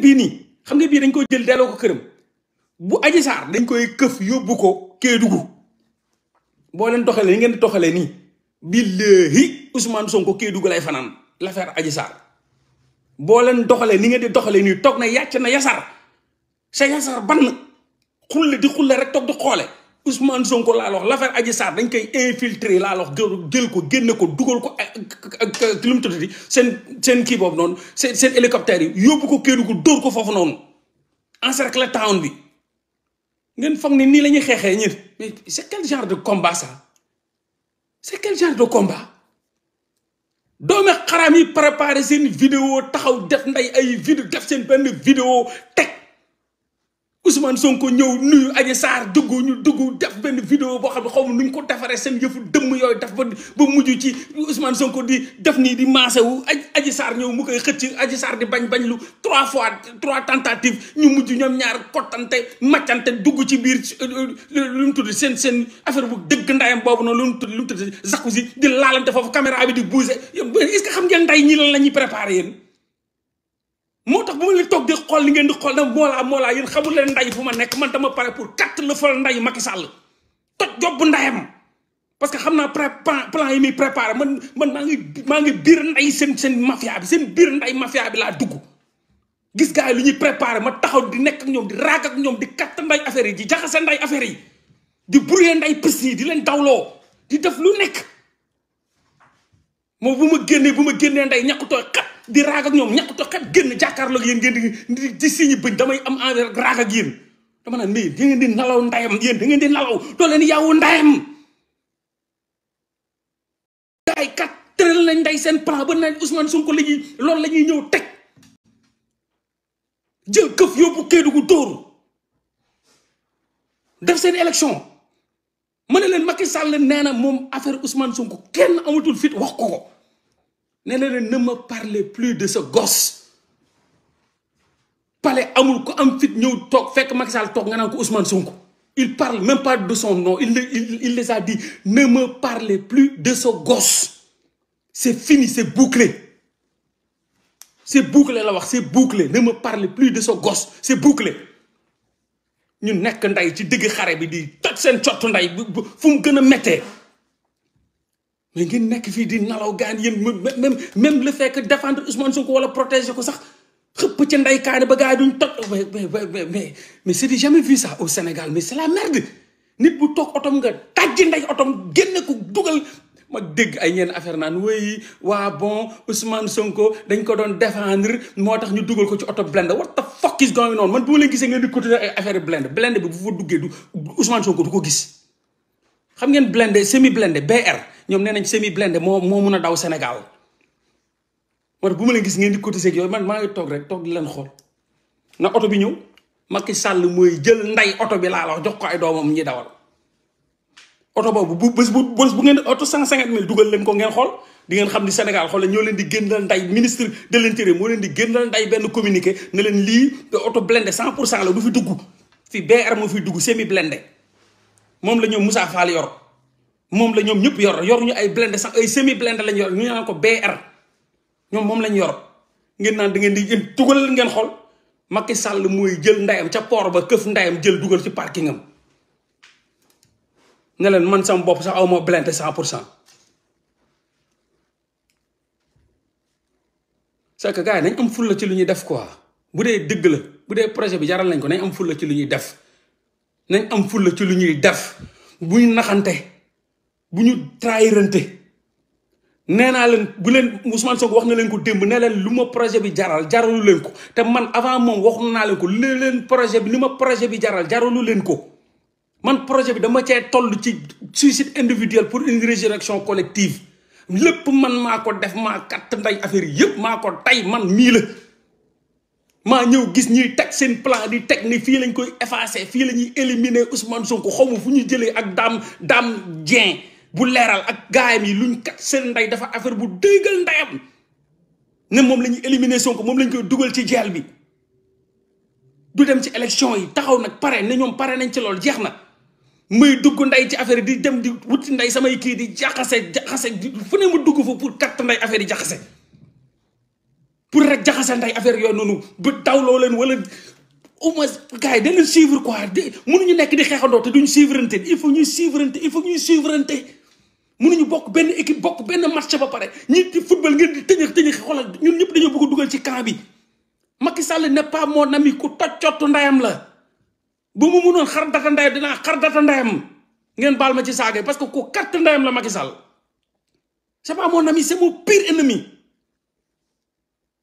bii nii xam nga bii dañ koy jël delloo ko këram bu aji saar dañ koy këf yóbbu ko Kédougou boo leen doxale li ngeen di doxalee nii billahi Ousmane Sonko Kédougou lay fanaan l'affaire aji saar boo leen doxalee ni ngeen di doxalee nii toog na yàcc na yasar sa yasar ban xulle di xulle rek toog di xoole Ousmane Sonko laa wax l'affaire Adji Sarr dañ koy infiltrer laa wax jël ko génne ko dugal ko ak lu mu seen seen kii boobu noonu seen seen yi yóbbu ko Kédougou dóor ko foofu noonu encercler town bi ngeen foog ni nii la ñuy xeexee ñun mais c'est quel genre de combat ça c'est quel genre de combat doomi xaraam yi préparé seen vidéo taxaw def nday ay vidéo def seen benn vidéo teg Ousmane Sonko ñëw nuyu Adji Sarr dugg ñu dugg def benn vidéo boo xam ne xaw ma nu ñu ko defaree seen yëfu dëmm yooyu def ba ba mujj ci Ousmane Sonko di def nii di maase wu Adji Sarr ñëw mu koy xëcc Adji Sarr di bañ bañ lu trois fois trois tentatives ñu mujj ñoom ñaar kottante maccante dugg ci biir lu mu tudd seen seen affaire bu dëgg ndayam boobu noonu lu mu tudd lu mu tudd jacuzzi di laalante foofu caméra bi di bouger est-ce que xam ngeen nday ñi lan la ñuy préparé moo tax bu ma leen toog di xool li ngeen di xool nag moolaa moolaa yéen xamul leen nday fu ma nekk man dama pare pour katt la fal nday Macky Sall toj jobb ndayam parce que xam naa plan yi muy préparé man man maa ngi maa ngi biir nday seen seen mafia bi seen biir nday mafia bi laa gis gars yi lu ñuy préparé ma taxaw di nekk ak ñoom di raag ak ñoom di katt nday affaire yi di jaxase nday affaire yi di brouillé nday piste yi di leen dawloo di def lu nekk moom bu ma génnee bu ma génnee nday ñàkkutoo xat di raag ak ñoom ñàkk toog génn jàkkaarloog yéen ngeen di di siñi bëñ damay am envers ak raag ak yéen dama naan mais da ngeen di nalaw ndayam yéen da ngeen di nalaw doo leen yaawu ndayam gaay kat tëral nañ nday seen plan ba nañ Ousmane Sonko la ñuy loolu la ñuy ñëw teg jël këf yóbbu Kédougou dóoru def seen élection ma ne leen makki Sall nee na moom affaire Ousmane Sonko kenn amatul fit wax ko ko ne leen ne me parlez plus de ce gos pale amul ko am fit ñëw toog fekk Macky Sall toog nga naa ko Ousmane Sonko il parle même pas de son nom il il il les a dit ne me plus de ce gosse c'est fini c'est bouclé c'est bouclé la wax c'est bouclé ne me parlez plus de ce gos c'est bouclé ñu nekk ndey ci digg xare bi di toj seen cottu nday fu mu gën a mettee mais ngeen nekk fii di nalaw gaan yéen même même le fait que défendre Ousmane Sonko wala protéger ko sax xëpp ca ndey kaani ba gaa yi duñ toj mais mais mais mais c'est jamais vu ça au Sénégal mais c'est la merde nit bu toog otom nga tàjji ndey otom génne ko dugal ma dégg ay ñenn affaire naan wéy waa bon Ousmane Sonko dañ ko doon défendre moo tax ñu dugal ko ci oto blende what the fuck is going man bu ma leen gisee ngeen di continuer affaire blende blende bi bu ko gis. xam ngeen blindé semi blindé BR ñoom nee nañ semi blindé moo mun a daw Sénégal war bu ma leen gis ngeen di cotiser ak yooyu man maa ngi toog rek toog di leen xool na oto bi ñëw ki sàll mooy jël nday oto bi laa la jox ko ay doomam ñi dawal. oto boobu bu bés bu bés bu ngeen oto cent cinquante mille dugal leen ko ngeen xool di ngeen xam ni Sénégal xool ñoo leen di gën génnal nday ministre de l'intérieur moo leen di génnal nday benn communiqué ne leen lii oto blindé cent pour cent la du fi dugg fi BR moo fi dugg semi blindé. moom la ñoom Moussa Fall yor moom la ñoom ñëpp yor yoruñu ay blindé sax ay semi blindé lañ yor ñu naan ko BR ñoom moom lañ yor ngeen naan di ngeen di yéen dugal ngeen xool Macky Sall mooy jël ndayam ca port ba këf ndayam jël dugal ci parking am ne leen man sama bopp sax aw ma blindé cent pour cent c'est que gars yi nañ am fulla ci lu ñuy def quoi bu dee dëgg la bu dee projet bi jaral nañ ko nañ am ful la ci lu ñuy def nañ am fulla ci lu ñuy def bu ñu naxante bu ñu trahirante nee naa leen bu leen Ousmane Sonko wax na leen ko démb ne leen lu ma projet bi jaral jaralu leen ko te man avant moom waxu naa leen ko li projet bi li ma projet bi jaral jaralu leen ko man projet bi dama cee toll ci suicide individuel pour une résurrection collective lépp man maa ko def maa katt nday affaire yëpp maa ko tay man mii la maa ñëw gis ñuy teg seen plan di teg ni fii lañ koy effacer fii la ñuy éliminer Ousmane Sonko xawma fu ñu jëlee ak Dame Dame Dieng bu leeral ak gaayam yi luñ kat seen ndey dafa affaire bu déggal ndeyam ne moom la ñuy éliminer Sonko moom lañ koy dugal ci jeel bi du dem ci election yi taxaw nag pare ne ñoom pare nañ ci loolu jeex na muy dugg ndey ci affaire di dem di wuti ndey samay kii di jaxase jaxase fu ne mu dugg fa pour kat ndey affaire yi jaxase pour rek jaxasante ay affaire yooyu noonu ba tawloo leen wala au moins gars yi dañ leen suivre quoi de mënuñu nekk di xeexandoo te duñ suivrante il faut ñuy suivrante il faut ñuy suivrante ñu bokk benn équipe bokk benn match ba pare ñi di football ngeen di tëñëx tëñëx xoolal ñun ñëpp dañoo bëgg dugal ci camp bi Macky Sall n'est pas mon ami ku toccottu ndayam la ba mu mënoon xar data ndayam dinaa xar data ndayam ngeen baal ma ci saaga parce que ku carte ndayam la Macky Sall c'est pas mon ami c'est mon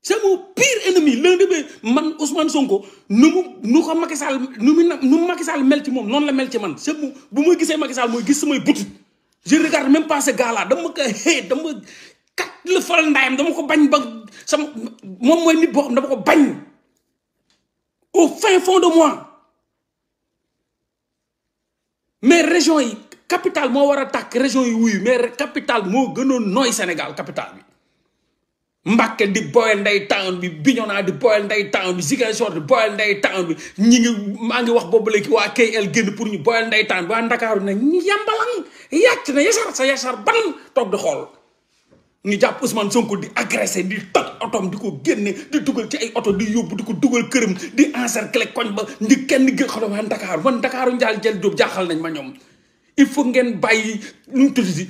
c'est mon pire ennemi l'un de mes man Ousmane Sonko nu mu nu ko Macky Sall nu mu nu mu Macky Sall mel ci moom noonu la mel ci man c'est bu ma gisee Macky Sall mooy gis samay butit je regarde même pas ce gars là dama ko xëy dama kat la faral dama ko bañ ba sama moom mooy nit boo xam dama ko bañ au fin fond de moi mais région yi capital moo war a tàkk région yi wuyu mais capitale moo gënoon noy Sénégal capital bi Mbàkke di boyal ndey town bi Bignona di boyal ndey town bi Ziguinchor di boyal ndey town bi ñi ngi maa ngi wax boobu léegi waa KL génn pour ñu boyal ndey town bi waa Ndakaaru ne yambalan yàcc na yasar sa yasar ban toog di xool ñu jàpp Ousmane Sonko di agressé di toj otom di ko génne di dugal ci ay oto di yóbbu ko dugal këram di encercler ba ndi kenn gën xool waa Ndakaaru man Ndakaaru njaal jël jóob jaaxal nañ ma ñoom il faut ngeen bàyyi nu mu tudd si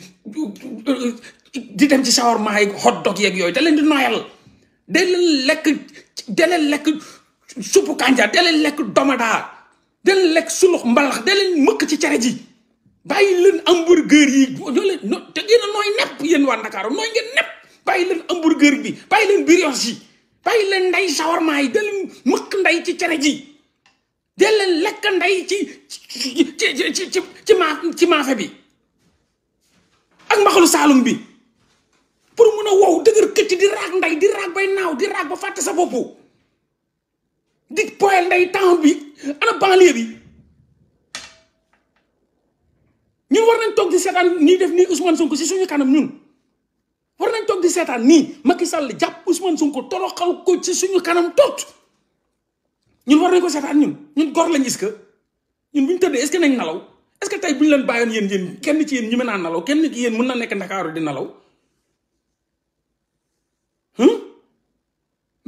di dem ci shawarma yi hot dog yooyu da leen di noyal da leen lekk da suppu kanja da leen lekk domada da leen lekk sulux mbalax da leen mëkk ci cere ji bàyyi leen hamburger yi ñoo leen no a nooy nepp bàyyi leen hamburger bàyyi leen yi bàyyi leen ndey shawarma yi da leen mëkk ndey ci cere ji da leen lekk ndey ci ci ci ci ci maafe bi ak mbaxalu saalum bi pour mun a wow dëgër këcc di raag ndey di raag bay naaw di raag ba fàtte sa bopp di poyal ndey town bi ana banlieue bi ñun war nañ toog di seetaan nii def nii Ousmane Sonko si suñu kanam ñun war nañ toog di seetaan nii Macky Sall jàpp Ousmane Sonko toroxal ko ci suñu kanam toot ñun war nañ ko seetaan ñun ñun gor lañ gis ñun bu ñu tëddee est-ce que nañ nalaw est-ce que tey ñu leen bàyyoon yéen yéen kenn ci yéen ñu mën a nalaw kenn ci yéen mën na nekk Ndakaaru di nalaw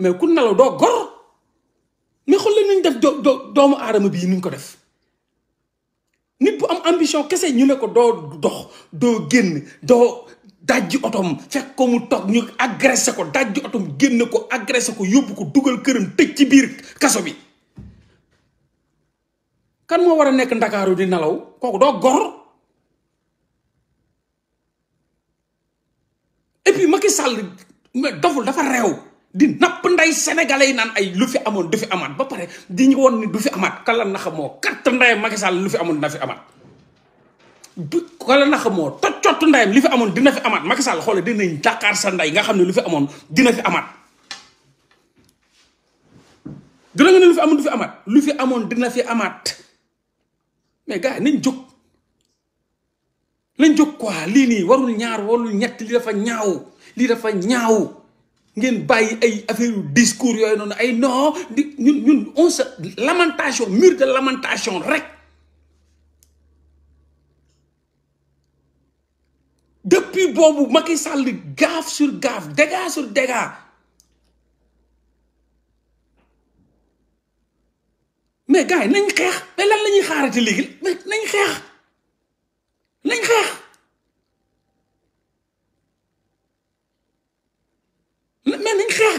mais ku nelaw doo gor mais xool la nañ def doomu aadama bii nuñ ko def nit bu am ambition kese ñu ne ko doo dox doo génn doo dajji otom fekk ko mu toog ñu agressé ko dàjj otom génn ko agressé ko yóbbu ko dugal këram tëj ci biir kaso bi kan moo war a nekk ndakaaru di nelaw kooku doo gor et puis Macky sàll mais doful dafa réew di napp ndey sénégalais yi naan ay lu fi amoon du fi amaat ba pare di ñu ni du fi amaat kala naxa moo kàtt ndayam Macky Sall lu fi amoon dina fi amaat du kala naxa moo toccott ndayam amoon dina amaat Macky Sall xoole dinañ Dakar sa nga xam ne lu fi amoon dina fi amaat dina nga ne lu fi amaat lu fi amoon dina fi amaat mais gars yi nañ jóg nañ jóg quoi lii nii warul ñaar warul ñett lii dafa ñaaw lii dafa ñaaw ngeen bàyyi ay affaire yu discours yooyu noonu ay non di ñun ñun on se lamentation mur de lamentation rek depuis boobu Macky Sall gaffe sur gaffe dégât sur dégât mais gars nañ xeex mais lan la ñuy xaarati léegi mais nañ xeex nañ xeex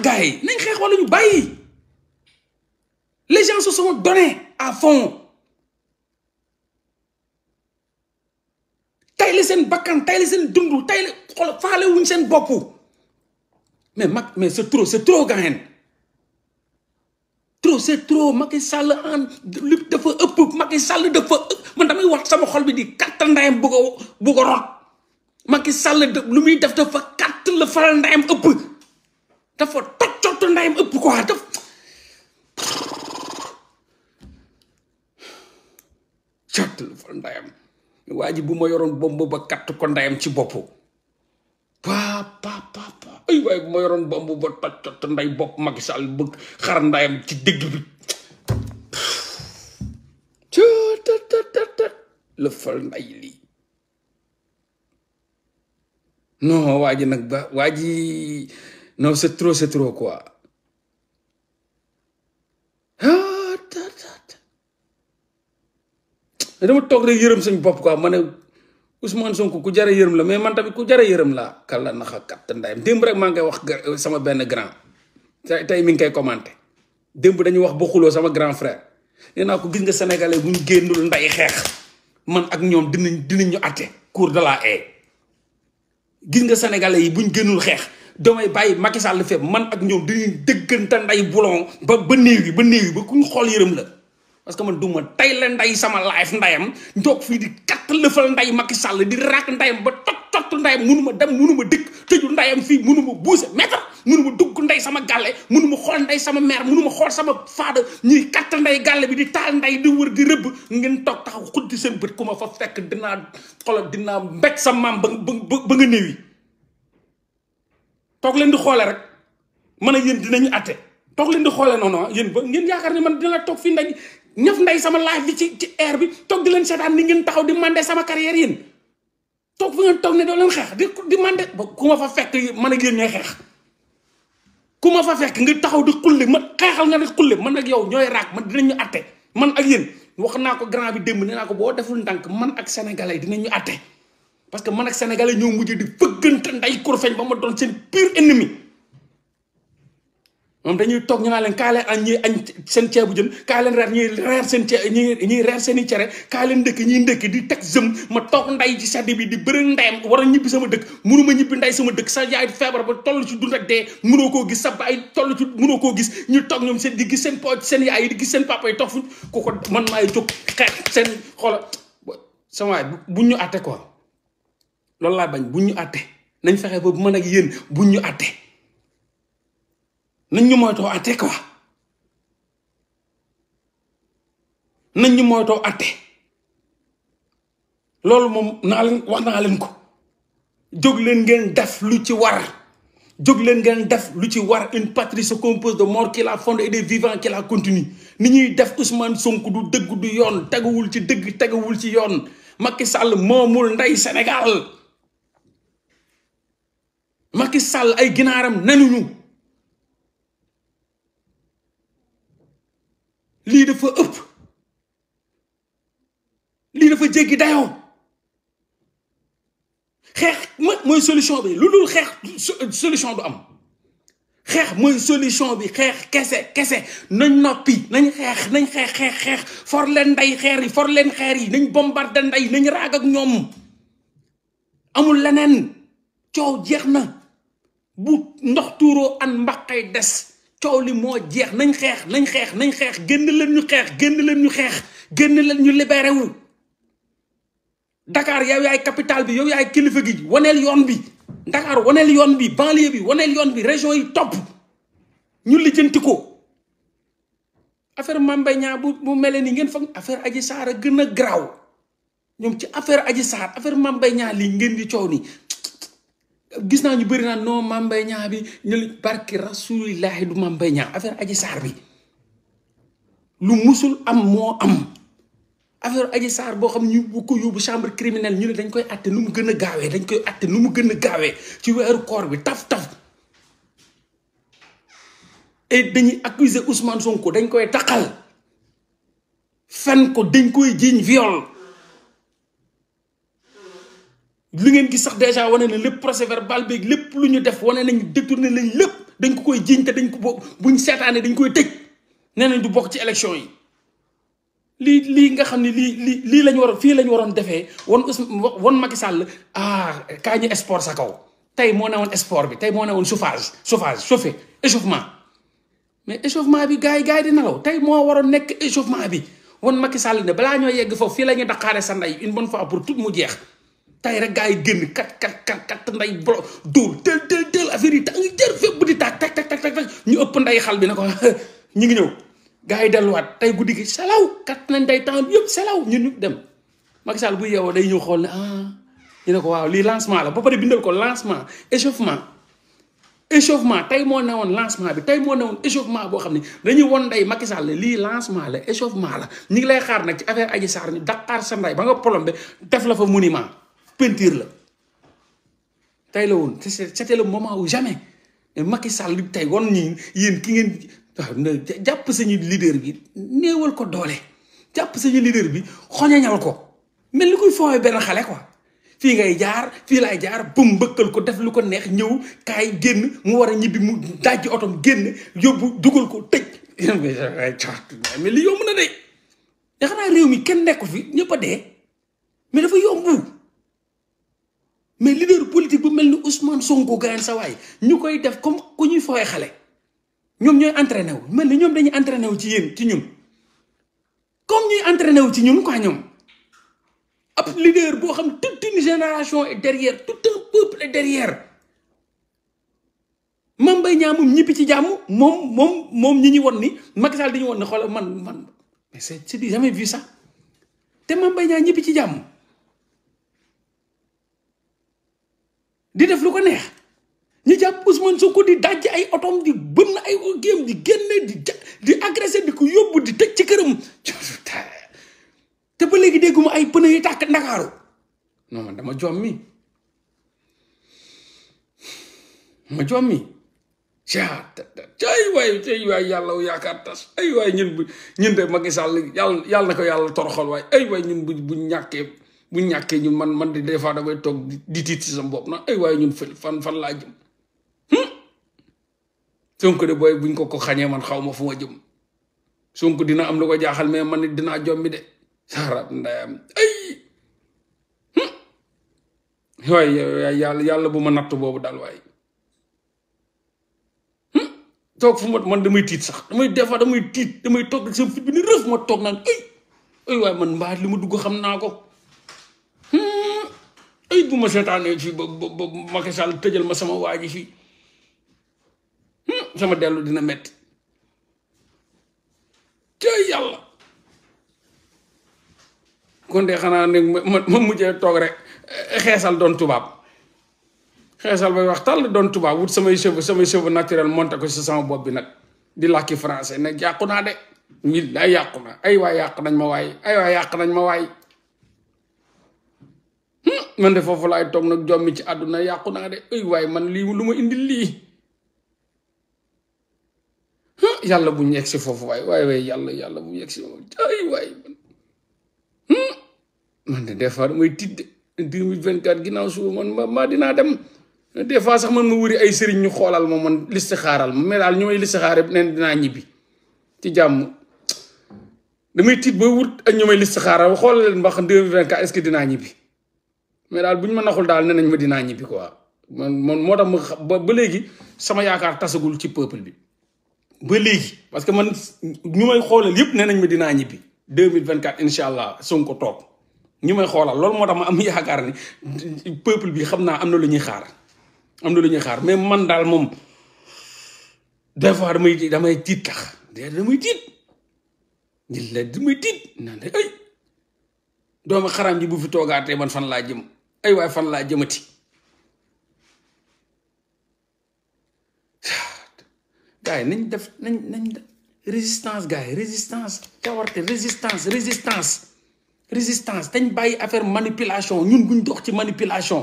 gars yi nañ xeex walla ñu bàyyi les gens se sont donnés à fond tay la seen bakkan tay la seen dund tay la xool faale wuñ seen bopp mais mag mais c'est trop c'est trop gahen trop c'est trop Macky Sall en lépp dafa ëpp Macky Sall dafa ëpp man damay wax sama xol bi di katta ndayam bu ko bu ko rot Macky Sall lu muy def dafa katt la faral ndayam ëpp dafa toccootu ndeyam ëpp quoi daf cottlu fa ndeyam waa ji bu ma yoroon bomb ba katt ko ndeyam ci bopp pa pa pa waaye bu ma yoroon bomb ba toccootu ndey bopp Macky Sall bu ndeyam ci dégg bi cottattat la fal nday lii non waa ji nag ba waa ji non c'est trop c'est trop quoi ah dama toog rek yërëm suñ bopp quoi ma ne Ousmane Sonko ku jara yërëm la mais man tamit ku jara yërëm la kàlla naxa katt ndayam démb rek maa ngi koy wax euh, sama benn grand tey mi ngi koy commenté démb dañuy wax ba xuloo sama grand frère nee naa ko gis nga sénégalais bu ñu génnul nday xeex man ak ñoom dinañ dinañ ñu àtte cour de la haie gis nga sénégalais yi bu buñ gënul xeex damay bàyyi Macky Sall fépp man ak ñoom dañuy dëggante nday bulon ba ba néew yi ba néew yi ba kuñ xool yërëm la parce que man dugg ma tey la nday sama life ndayam ndoog fii di katt lëfal nday Macky sàll di raak ndayam ba tot tot ndayam munu ma dem munu ma dëkk tëju ndayam fii munu ma buuse mètre munu ma dugg nday sama gàlle munu xool nday sama mère munu xool sama faada ñuy katt nday gàlle bi di taal nday di wër di rëbb ngeen toog taxaw xuddi seen bët ku ma fa fekk dinaa xolo dinaa mbéj sa maam ba ba nga néewi toog leen di xoole rek man a yéen dinañu atte toog leen di xoole noonu ah yéen ba ngeen yaakaar ne man dina la toog fii nday ñëf ndey sama live bi ci ci air bi toog di leen seetaan ni ngeen taxaw di mandé sama carrière yéen toog fu ngeen toog ne doo leen xeex di di mandé ba ku ma fa fekk man ak yéen ñooy xeex ku ma fa fekk nga taxaw di xulli ma xeexal nga ne xulli man ak yow ñooy raak man dinañu atte man ak yéen wax naa ko grand bi démb nee naa ko boo deful ndànk man ak sénégalais dinañu atte parce que man ak sénégalais ñoo mujj di fëggante nday kurfeñ ba ma doon seen pire ennemi moom dañuy toog ñu naan leen kaa leen añ ñuy añ seen ceebu jën kaa reer ñuy reer seen cee ñuy ñuy seen cere kaa ndëkk ñuy ndëkk di teg jëm ma toog nday ci sedd bi di bëri ndeyam war a ñibbi sama dëkk mënu ma ñibbi nday sama dëkk sa yaay feebar ba toll ci dund ak dee mënoo koo gis sa baay toll ci mënoo koo gis ñu toog ñoom seen di gis seen po seen yi di gis seen papa yi toog fu ku ko man maay jóg xeex seen xoola sama waay buñ ñu atte quoi loolu laa bañ buñ ñu atte nañ fexe ba bu mën ak yéen buñ ñu atte nañ ñu moytoo atte quoi nañ ñu moytoo atte loolu moom naa leen wax naa leen ko jóg leen ngeen def lu ci war jóg leen ngeen def lu ci war une patrie se compose de morts qui la de et des vivants ni ñuy def Ousmane Sonko du dëgg du yoon teguwul ci dëgg teguwul ci yoon makki sàll moomul ndey Sénégal Macky Sall ay ginaaram nanuñu lii dafa ëpp lii dafa jéggi dayoo xeex mooy solution bi lu dul xeex solution du am xeex mooy solution bi xeex kese kese nañ noppi nañ xeex nañ xeex xeex xeex for leen ndey xeer yi for leen xeer yi nañ bombardé ndey nañ raag ak ñoom amul leneen coow jeex na bu ndox tuuroo an mbaqay des coow li moo jeex nañ xeex nañ xeex nañ xeex génn leen ñu xeex génn leen ñu xeex génn leen ñu libéré wu Dakar yow yaay capital bi yow yaay kilifa gi waneel yoon bi Dakar waneel yoon bi banlieue bi waneel yoon bi région yi topp ñu lijjanti ko affaire Mame Mbaye Niang bu bu mel ni ngeen foog affaire Adji Sarr a gën a garaaw ñoom ci affaire Adji Sarr affaire Mame Mbaye Niang ngeen di coow nii gis naa ñu bari naan noo Mame bi ñu barki rasulillahi du Mame Mbaye Niang affaire bi lu musul am moo am affaire Adji Sarr boo xam ñu bu ko yóbbu chambre criminelle ñu ne dañ koy atte nu mu gën a gaawee dañ koy atte nu mu gën a gaawee ci weeru koor bi taf taf dañuy accuser Ousmane Sonko dañ koy taqal fen ko dañ koy jiiñ viol li ngeen gis sax déjà wane na lépp procès verbal beeg lépp lu ñu def wane nañ détourné lañ lépp dañ ko koy jiiñ te dañ ko bokk buñ seetaanee dañ koy tëj nee nañ du bokk ci élection yi lii lii nga xam ne lii li lii lañ waroon fii lañ waroon defee wan wan Macky Sall ah kaa ñu sport sa kaw tey moo ne woon sport bi tey moo ne woon chauffage chauffage chauffé échauffement mais échauffement bi gars yi gars yi di nelaw tey moo waroon nekk échauffement bi wan Macky Sall ne yegg foofu fii la daqaare sa ndey une bonne fois pour tout mu jeex tey rek gars yi génn kat kat kat kat nday bro dóor teel teel teel affaire yi ta ngi jër fépp di taag tak tak ñu ëpp nday xal bi ne ko ñu ngi ñëw gars yi delluwaat tey guddi gi selaw kat nañ day temps bi yëpp selaw ñu ñu dem Macky Sall bu yeewoo day ñëw xool ne ah ñu ne ko waaw lii lancement la boo pare bindal ko lancement échauffement échauffement tey moo woon lancement bi tey moo newoon échauffement boo xam ne dañuy won nday Macky Sall lii lancement la échauffement la ñu ngi lay xaar nag ci affaire Adji Sarr ñu daqaar sa nday ba nga plombé def la fa monument peinture la tey la woon c'était le moment ou jamais mais Macky Sall tey won ñi yéen ki ngeen waaw jàpp sañu leader bi néewal ko doole jàpp sañu leader bi xoñañal ko mel ni kuy foowee benn xale ko fii ngay jaar fii laay jaar bum mbëkkal ko def lu ko neex ñëw kaay génn mu war a ñibbi mu dajji otom génn yóbbu dugal ko tëj mais li yomb na de xanaa réew mi kenn nekku fi ñëpp de dee dafa yomb mais leader politique bu mel ni Ousmane Sonko gaañ sa waay ñu koy def comme ku ñuy fooy xale ñoom ñooy entraîné wu mel ni ñoom dañuy entraîné wu ci yéen ci ñun comme ñuy entraîné wu ci ñun quoi ñoom ab leader boo xam toute une génération est derrière tout un peuple est derrière Mame Mbaye Niang moom ci jàmm moom moom moom ñi won ni Macky di ñu won ni man man mais c'est jamais vu ça te Mame Mbaye Niang ñibbi ci jàmm. di def lu ko neex ñu jàpp Ousmane Sonko di dajj ay otom di bënn ay géem di génne di ja di agressé di ko yóbbu di tëj ci këram te ba léegi dégguma ay pneu yi tàkk ndakaaru non man dama joom mi ma joom mi cay waay cay waay yàlla yaakaar tas ay waay ñun bu ñun de Macky Sall yàlla yàlla na ko yàlla toroxal waay ay waay ñun bu bu ñàkkee bu ñàkkee ñu man man di des da damay toog di tiit si sama bopp na ay waaye ñun fël fan fan laa jëm hmm? buñ ko ko xañee man xaw fu ma jëm dina am lu ko jaaxal mais man it dinaa jommi de hmm? yàlla yàlla bu ma natt boobu daal waaye hmm? toog fu ma man damay tiit sax damay des fois tiit damay toog toog naan ay waaye man mbaa li ma dugg xam naa ko ay bu ma seetaanee fii ba ba ba Macky Sall tëjal ma sama waa ji fii hmm, sama dellu dina metti te yàlla kon de xanaa ne ma ma mujjee toog rek eh, xeesal doon tubaab xeesal bay wax tàll doon tubaab wut samay cheveux samay cheveux naturel monté ko si sama bopp bi nag di làkki français nag yàqu naa de mil ay yàqu na ay waay yàq nañ ma waay ay waay yàq nañ ma waay man de foofu laay toog nag jommi ci àdduna yàqu naa de ay waaye man lii lu ma indi lii yàlla bu ñu yegg si foofu waaye waaye waaye yàlla yàlla bu ñu yegg si waay man hmm, fois damay tiit de deux mille vingt quatre ginnaaw dinaa dem des fois sax man ma wëri ay sëriñ ñu xoolal ma man listixaaral ma mais daal ñu may listixaar yëpp neen dinaa ñibbi ci jàmm damay tiit ba wut ak ñu may listixaaral xoolal leen ba xam deux mille vingt quatre est-ce dinaa ñibbi. mais daal bu ñu ma naxul daal ne nañ ma dinaa ñibbi quoi man man moo tax ma ba léegi sama yaakaar tasagul ci peuple bi ba léegi parce que man ñu may xoolal yëpp nee nañ ma dinaa ñibbi deux mille vingt quatre incha allah Sonko toog ñu may xoolal lool moo tax ma am yaakaar ni peuple bi xam naa am na lu ñuy xaar am na lu ñuy xaar mais man daal moom des fois damay damay tiit tax damay tiit di la damay tiit naan ay doomu xaram ji bu fi toogaatee man fan laa jëm ay waay fan laa jëmati gars yi nañ def nañ nañ résistance gars yi résistance cawarte résistance résistance résistance dañ bàyyi affaire manipulation ñun buñ dox ci manipulation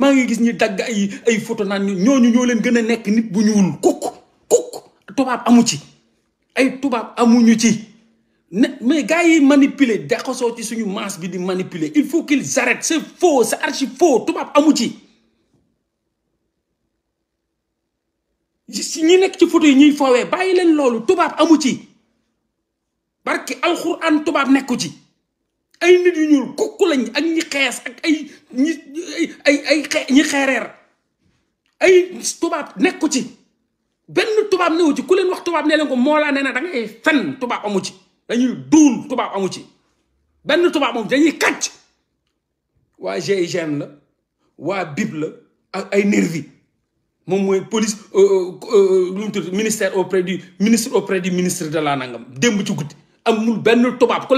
maa ngi gis ñu dagg ay ay photo naan ñooñu ñoo leen gën a nekk nit bu ñuul kukk kukk tubaab amu ci ay tubaab amuñu ci ne mais gars yi manipuler daxasoo ci suñu masse bi di manipuler il faut qu'ils arrêtent c'est tubaab amu ci ñi nekk ci photo yi ñuy foowee bàyyi leen loolu tubaab amu ci barki alxuraan tubaab nekku ci ay nit yu ñuul kukk lañ ak ñi xees ak ay ñi ay ay ñi xeereer tubaab nekku ci benn tubaab newu ci ku leen wax tubaab nee ko moo laa nee na da ngay fen tubaab amu ci dañuy duul tubaab amu ci benn tubaab moom dañuy kàcc waa GIGN la waa bib la ak ay nervi moom mooy police euh, euh, euh, lu mu ministère auprès du ministre auprès du ministre de la nangam démb ci guddi amul benn tubaab.